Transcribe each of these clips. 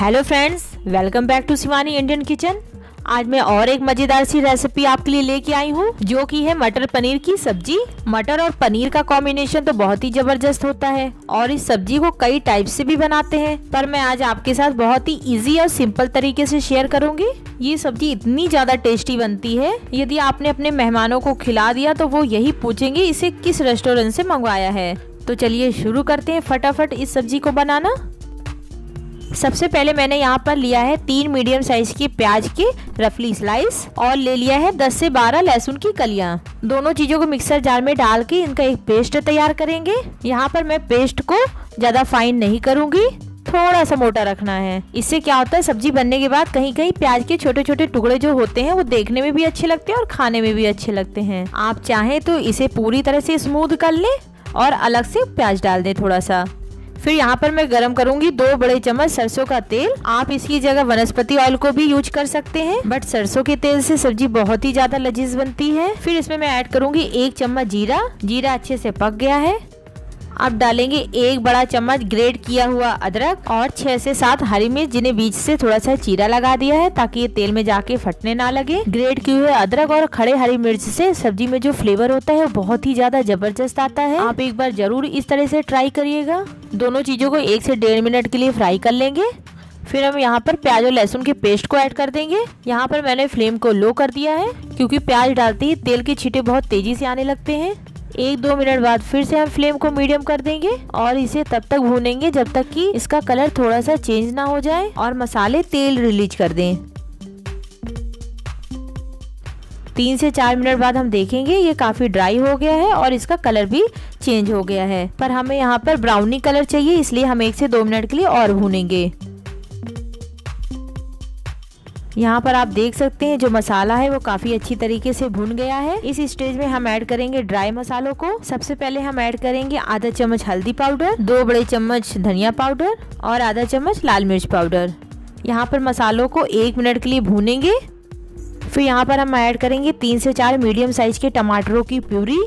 hello friends welcome back to Shivani Indian kitchen आज मैं और एक मजेदार सी रेसिपी आपके लिए लेके आई हूँ जो कि है मटर पनीर की सब्जी मटर और पनीर का कॉम्बिनेशन तो बहुत ही जबरदस्त होता है और इस सब्जी को कई टाइप से भी बनाते हैं पर मैं आज आपके साथ बहुत ही इजी और सिंपल तरीके से शेयर करूंगी ये सब्जी इतनी ज्यादा टेस्टी बनती है यदि आपने अपने मेहमानों को खिला दिया तो वो यही पूछेंगे इसे किस रेस्टोरेंट से मंगवाया है तो चलिए शुरू करते हैं फटाफट इस सब्जी को बनाना सबसे पहले मैंने यहाँ पर लिया है तीन मीडियम साइज की प्याज की रफली स्लाइस और ले लिया है 10 से 12 लहसुन की कलिया दोनों चीज़ों को मिक्सर जार में डाल के इनका एक पेस्ट तैयार करेंगे यहाँ पर मैं पेस्ट को ज़्यादा फाइन नहीं करूँगी थोड़ा सा मोटा रखना है इससे क्या होता है सब्जी बनने के बाद कहीं कहीं प्याज के छोटे छोटे टुकड़े जो होते हैं वो देखने में भी अच्छे लगते हैं और खाने में भी अच्छे लगते हैं आप चाहें तो इसे पूरी तरह से स्मूथ कर लें और अलग से प्याज डाल दें थोड़ा सा फिर यहाँ पर मैं गर्म करूंगी दो बड़े चम्मच सरसों का तेल आप इसकी जगह वनस्पति ऑयल को भी यूज कर सकते हैं बट सरसों के तेल से सब्जी बहुत ही ज्यादा लजीज बनती है फिर इसमें मैं ऐड करूंगी एक चम्मच जीरा जीरा अच्छे से पक गया है आप डालेंगे एक बड़ा चम्मच ग्रेट किया हुआ अदरक और छह से सात हरी मिर्च जिन्हें बीच से थोड़ा सा चीरा लगा दिया है ताकि ये तेल में जाके फटने ना लगे ग्रेट किए हुए अदरक और खड़े हरी मिर्च से सब्जी में जो फ्लेवर होता है वो बहुत ही ज्यादा जबरदस्त आता है आप एक बार जरूर इस तरह से ट्राई करिएगा दोनों चीजों को एक से डेढ़ मिनट के लिए फ्राई कर लेंगे फिर हम यहाँ पर प्याज और लहसुन के पेस्ट को ऐड कर देंगे यहाँ पर मैंने फ्लेम को लो कर दिया है क्योंकि प्याज डालते ही तेल के छींटे बहुत तेजी से आने लगते हैं एक दो मिनट बाद फिर से हम फ्लेम को मीडियम कर देंगे और इसे तब तक भूनेंगे जब तक कि इसका कलर थोड़ा सा चेंज ना हो जाए और मसाले तेल रिलीज कर दें तीन से चार मिनट बाद हम देखेंगे ये काफ़ी ड्राई हो गया है और इसका कलर भी चेंज हो गया है पर हमें यहाँ पर ब्राउनी कलर चाहिए इसलिए हम एक से दो मिनट के लिए और भूनेंगे यहाँ पर आप देख सकते हैं जो मसाला है वो काफी अच्छी तरीके से भुन गया है इस स्टेज में हम ऐड करेंगे ड्राई मसालों को सबसे पहले हम ऐड करेंगे आधा चम्मच हल्दी पाउडर दो बड़े चम्मच धनिया पाउडर और आधा चम्मच लाल मिर्च पाउडर यहाँ पर मसालों को एक मिनट के लिए भूनेंगे फिर यहाँ पर हम ऐड करेंगे तीन से चार मीडियम साइज के टमाटरों की प्यूरी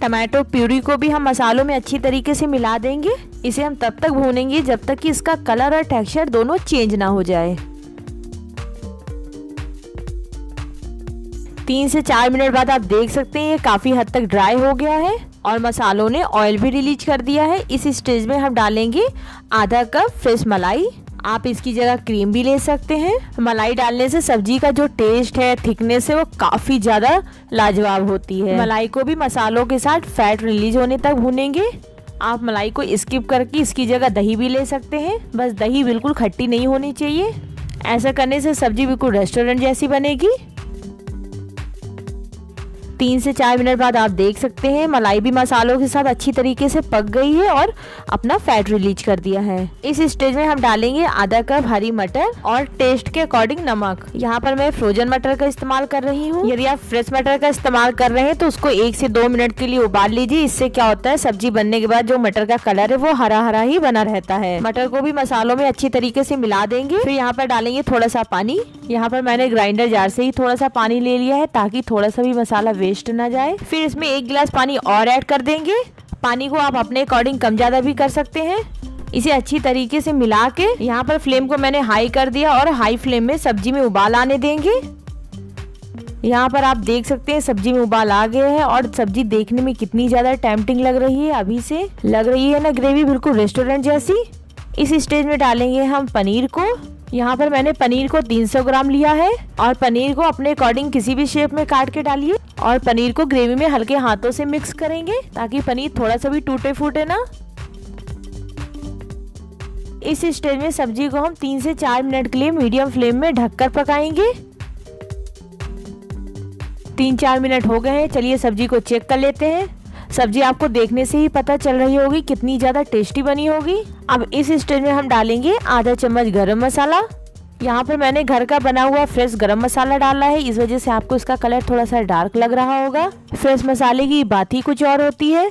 टमाटो प्यूरी को भी हम मसालों में अच्छी तरीके से मिला देंगे इसे हम तब तक भूनेंगे जब तक कि इसका कलर और टेक्सचर दोनों चेंज ना हो जाए तीन से चार मिनट बाद आप देख सकते हैं ये काफ़ी हद तक ड्राई हो गया है और मसालों ने ऑयल भी रिलीज कर दिया है इस स्टेज में हम डालेंगे आधा कप फ्रेश मलाई आप इसकी जगह क्रीम भी ले सकते हैं मलाई डालने से सब्जी का जो टेस्ट है थिकनेस है वो काफ़ी ज़्यादा लाजवाब होती है मलाई को भी मसालों के साथ फैट रिलीज होने तक भुनेंगे आप मलाई को स्किप करके इसकी जगह दही भी ले सकते हैं बस दही बिल्कुल खट्टी नहीं होनी चाहिए ऐसा करने से सब्जी बिल्कुल रेस्टोरेंट जैसी बनेगी तीन से चार मिनट बाद आप देख सकते हैं मलाई भी मसालों के साथ अच्छी तरीके से पक गई है और अपना फैट रिलीज कर दिया है इस स्टेज में हम डालेंगे आधा कप हरी मटर और टेस्ट के अकॉर्डिंग नमक यहाँ पर मैं फ्रोजन मटर का इस्तेमाल कर रही हूँ यदि आप फ्रेश मटर का इस्तेमाल कर रहे हैं तो उसको एक से दो मिनट के लिए उबाल लीजिए इससे क्या होता है सब्जी बनने के बाद जो मटर का कलर है वो हरा हरा ही बना रहता है मटर को भी मसालों में अच्छी तरीके से मिला देंगे फिर यहाँ पर डालेंगे थोड़ा सा पानी यहाँ पर मैंने ग्राइंडर जार से ही थोड़ा सा पानी ले लिया है ताकि थोड़ा सा भी मसाला वेस्ट वेस्ट ना जाए फिर इसमें एक गिलास पानी और ऐड कर देंगे पानी को आप अपने अकॉर्डिंग कम ज़्यादा भी कर सकते हैं इसे अच्छी तरीके से मिला के यहाँ पर फ्लेम को मैंने हाई कर दिया और हाई फ्लेम में सब्जी में उबाल आने देंगे यहाँ पर आप देख सकते हैं सब्जी में उबाल आ गया है और सब्जी देखने में कितनी ज़्यादा टेम्पटिंग लग रही है अभी से लग रही है ना ग्रेवी बिल्कुल रेस्टोरेंट जैसी इस स्टेज में डालेंगे हम पनीर को यहाँ पर मैंने पनीर को 300 ग्राम लिया है और पनीर को अपने अकॉर्डिंग किसी भी शेप में काट के डालिए और पनीर को ग्रेवी में हल्के हाथों से मिक्स करेंगे ताकि पनीर थोड़ा सा भी टूटे फूटे ना इस स्टेज में सब्जी को हम तीन से चार मिनट के लिए मीडियम फ्लेम में ढककर पकाएंगे तीन चार मिनट हो गए हैं चलिए सब्जी को चेक कर लेते हैं सब्जी आपको देखने से ही पता चल रही होगी कितनी ज़्यादा टेस्टी बनी होगी अब इस स्टेज में हम डालेंगे आधा चम्मच गरम मसाला यहाँ पर मैंने घर का बना हुआ फ्रेश गरम मसाला डाला है इस वजह से आपको इसका कलर थोड़ा सा डार्क लग रहा होगा फ्रेश मसाले की बात ही कुछ और होती है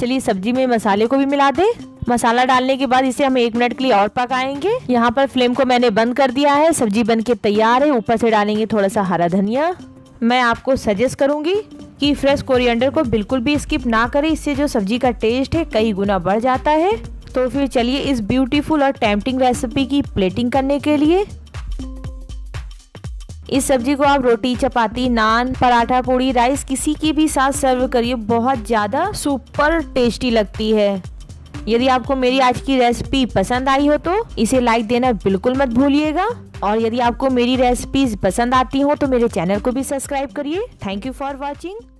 चलिए सब्जी में मसाले को भी मिला दें मसाला डालने के बाद इसे हम एक मिनट के लिए और पकाएंगे यहाँ पर फ्लेम को मैंने बंद कर दिया है सब्जी बन के तैयार है ऊपर से डालेंगे थोड़ा सा हरा धनिया मैं आपको सजेस्ट करूंगी कि फ्रेश कोरिएंडर को बिल्कुल भी स्किप ना करें इससे जो सब्जी का टेस्ट है कई गुना बढ़ जाता है तो फिर चलिए इस ब्यूटीफुल और टैम्पटिंग रेसिपी की प्लेटिंग करने के लिए इस सब्जी को आप रोटी चपाती नान पराठा पूड़ी राइस किसी के भी साथ सर्व करिए बहुत ज़्यादा सुपर टेस्टी लगती है यदि आपको मेरी आज की रेसिपी पसंद आई हो तो इसे लाइक देना बिल्कुल मत भूलिएगा और यदि आपको मेरी रेसिपीज पसंद आती हो तो मेरे चैनल को भी सब्सक्राइब करिए थैंक यू फॉर वॉचिंग